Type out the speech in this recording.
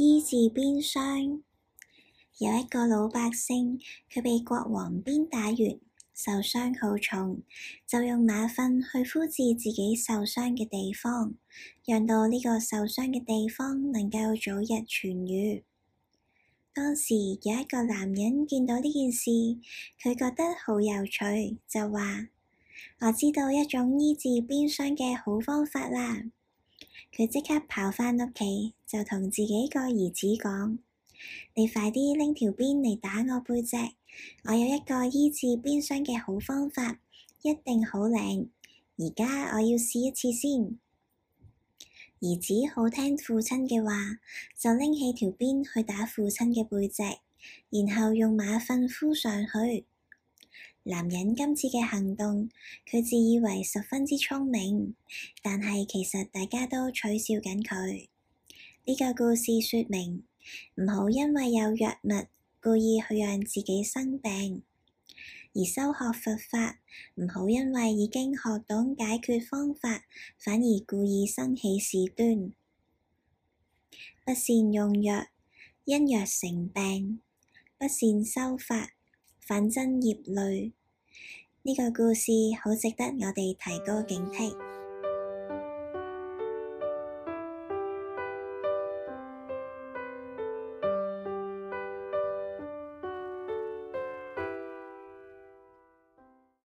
醫治鞭傷。有一個老百姓，佢被國王鞭打完，受傷好重，就用馬糞去敷治自己受傷嘅地方，讓到呢個受傷嘅地方能夠早日痊癒。當時有一個男人見到呢件事，佢覺得好有趣，就話：我知道一種醫治鞭傷嘅好方法啦。佢即刻跑返屋企，就同自己個兒子講：你快啲拎條鞭嚟打我背脊，我有一個醫治鞭傷嘅好方法，一定好靚。而家我要試一次先。兒子好聽父親嘅話，就拎起條鞭去打父親嘅背脊，然後用馬糞敷上去。男人今次嘅行動，佢自以為十分之聰明，但係其實大家都取笑緊佢。呢個故事說明，唔好因為有藥物故意去讓自己生病，而修學佛法唔好因為已經學懂解決方法，反而故意生起事端，不善用藥，因藥成病，不善修法。反增業累，呢個故事，好值得我哋提高警惕。